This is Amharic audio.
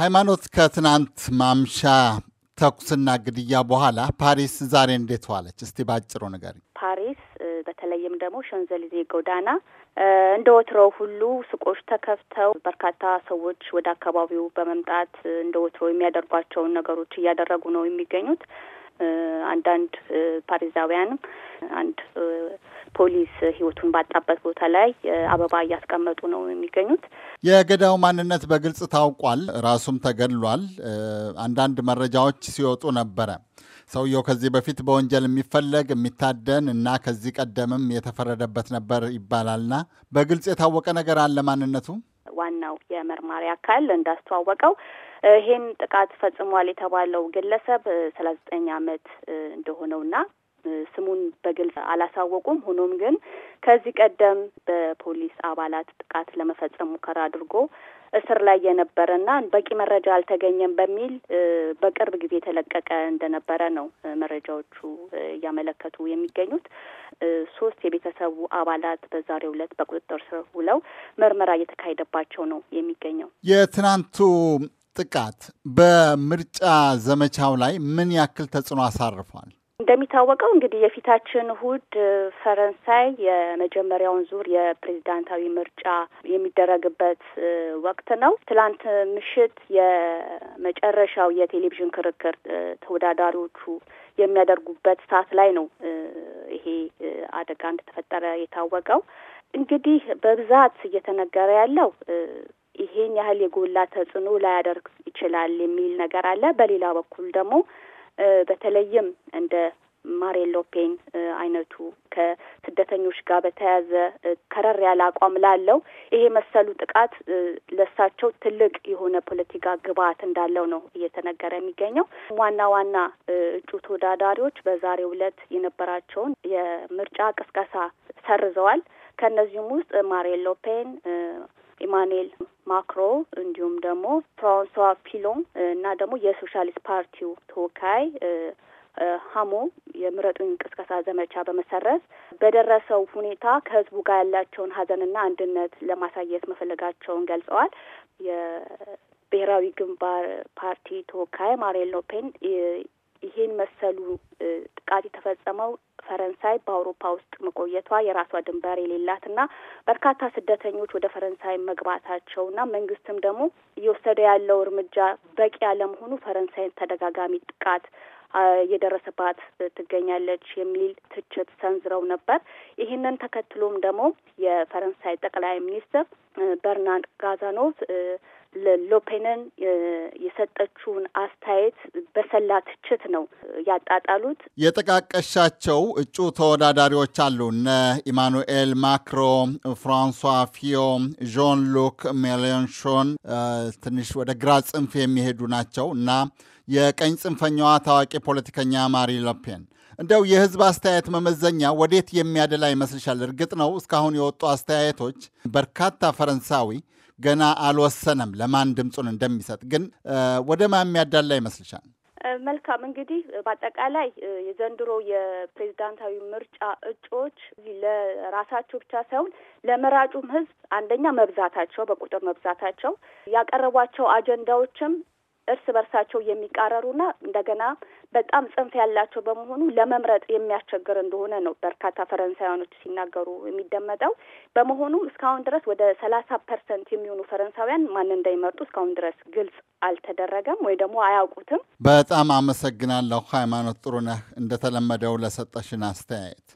ሃይማኖት፣ ከትናንት ማምሻ ተኩስና ግድያ በኋላ ፓሪስ ዛሬ እንዴት ዋለች? እስቲ ባጭሩ ንገሪኝ። ፓሪስ በተለይም ደግሞ ሸንዘሊዜ ጎዳና እንደ ወትሮው ሁሉ ሱቆች ተከፍተው በርካታ ሰዎች ወደ አካባቢው በመምጣት እንደ ወትሮው የሚያደርጓቸውን ነገሮች እያደረጉ ነው የሚገኙት። አንዳንድ ፓሪዛውያንም አንድ ፖሊስ ህይወቱን ባጣበት ቦታ ላይ አበባ እያስቀመጡ ነው የሚገኙት። የገዳው ማንነት በግልጽ ታውቋል። ራሱም ተገድሏል። አንዳንድ መረጃዎች ሲወጡ ነበረ። ሰውየው ከዚህ በፊት በወንጀል የሚፈለግ የሚታደን እና ከዚህ ቀደምም የተፈረደበት ነበር ይባላልና በግልጽ የታወቀ ነገር አለ ማንነቱ ዋናው የመርማሪ አካል እንዳስተዋወቀው ይሄን ጥቃት ፈጽሟል የተባለው ግለሰብ ሰላሳ ዘጠኝ አመት እንደሆነውና ስሙን በግልጽ አላሳወቁም። ሆኖም ግን ከዚህ ቀደም በፖሊስ አባላት ጥቃት ለመፈጸም ሙከራ አድርጎ እስር ላይ የነበረ ና በቂ መረጃ አልተገኘም በሚል በቅርብ ጊዜ የተለቀቀ እንደነበረ ነው መረጃዎቹ እያመለከቱ የሚገኙት። ሶስት የቤተሰቡ አባላት በዛሬው ዕለት በቁጥጥር ስር ውለው ምርመራ እየተካሄደባቸው ነው የሚገኘው። የትናንቱ ጥቃት በምርጫ ዘመቻው ላይ ምን ያክል ተጽዕኖ አሳርፏል? እንደሚታወቀው እንግዲህ የፊታችን እሁድ ፈረንሳይ የመጀመሪያውን ዙር የፕሬዚዳንታዊ ምርጫ የሚደረግበት ወቅት ነው። ትላንት ምሽት የመጨረሻው የቴሌቪዥን ክርክር ተወዳዳሪዎቹ የሚያደርጉበት ሰዓት ላይ ነው ይሄ አደጋ እንደተፈጠረ የታወቀው። እንግዲህ በብዛት እየተነገረ ያለው ይሄን ያህል የጎላ ተጽዕኖ ላያደርግ ይችላል የሚል ነገር አለ። በሌላ በኩል ደግሞ በተለይም እንደ ማሪን ሎፔን አይነቱ ከስደተኞች ጋር በተያያዘ ከረር ያለ አቋም ላለው ይሄ መሰሉ ጥቃት ለሳቸው ትልቅ የሆነ ፖለቲካ ግብዓት እንዳለው ነው እየተነገረ የሚገኘው። ዋና ዋና እጩ ተወዳዳሪዎች በዛሬው ዕለት የነበራቸውን የምርጫ ቅስቀሳ ሰርዘዋል። ከእነዚህም ውስጥ ማሪን ሎፔን፣ ኢማኑኤል ማክሮ እንዲሁም ደግሞ ፍራንሷ ፒሎን እና ደግሞ የሶሻሊስት ፓርቲው ተወካይ ሀሞ የምረጡኝ ቅስቀሳ ዘመቻ በመሰረት በደረሰው ሁኔታ ከህዝቡ ጋር ያላቸውን ሀዘንና አንድነት ለማሳየት መፈለጋቸውን ገልጸዋል። የብሔራዊ ግንባር ፓርቲ ተወካይ ማሪን ሎፔን ይሄን መሰሉ ጥቃት የተፈጸመው ፈረንሳይ በአውሮፓ ውስጥ መቆየቷ የራሷ ድንበር የሌላትና በርካታ ስደተኞች ወደ ፈረንሳይ መግባታቸውና መንግስትም ደግሞ እየወሰደ ያለው እርምጃ በቂ ያለመሆኑ ፈረንሳይን ተደጋጋሚ ጥቃት እየደረሰባት ትገኛለች የሚል ትችት ሰንዝረው ነበር። ይህንን ተከትሎም ደግሞ የፈረንሳይ ጠቅላይ ሚኒስትር በርናርድ ካዛኖቭ ለሎፔንን የሰጠችውን አስተያየት በሰላ ትችት ነው ያጣጣሉት። የጠቃቀሻቸው እጩ ተወዳዳሪዎች አሉ። እነ ኢማኑኤል ማክሮ፣ ፍራንሷ ፊዮ፣ ዦን ሉክ ሜሌንሾን ትንሽ ወደ ግራ ጽንፍ የሚሄዱ ናቸው እና የቀኝ ጽንፈኛዋ ታዋቂ ፖለቲከኛ ማሪ ሎፔን እንደው የህዝብ አስተያየት መመዘኛ ወዴት የሚያደላ ይመስልሻል? እርግጥ ነው እስካሁን የወጡ አስተያየቶች በርካታ ፈረንሳዊ ገና አልወሰነም ለማን ድምፁን እንደሚሰጥ ግን ወደ ማ የሚያዳላ ይመስልሻል? መልካም እንግዲህ በአጠቃላይ የዘንድሮ የፕሬዝዳንታዊ ምርጫ እጩዎች ለራሳቸው ብቻ ሳይሆን ለመራጩም ሕዝብ አንደኛ መብዛታቸው በቁጥር መብዛታቸው ያቀረቧቸው አጀንዳዎችም እርስ በርሳቸው የሚቃረሩና እንደገና በጣም ጽንፍ ያላቸው በመሆኑ ለመምረጥ የሚያስቸግር እንደሆነ ነው በርካታ ፈረንሳውያኖች ሲናገሩ የሚደመጠው። በመሆኑም እስካሁን ድረስ ወደ ሰላሳ ፐርሰንት የሚሆኑ ፈረንሳውያን ማን እንዳይመርጡ እስካሁን ድረስ ግልጽ አልተደረገም ወይ ደግሞ አያውቁትም። በጣም አመሰግናለሁ ሃይማኖት ጥሩነህ እንደተለመደው ለሰጠሽን አስተያየት።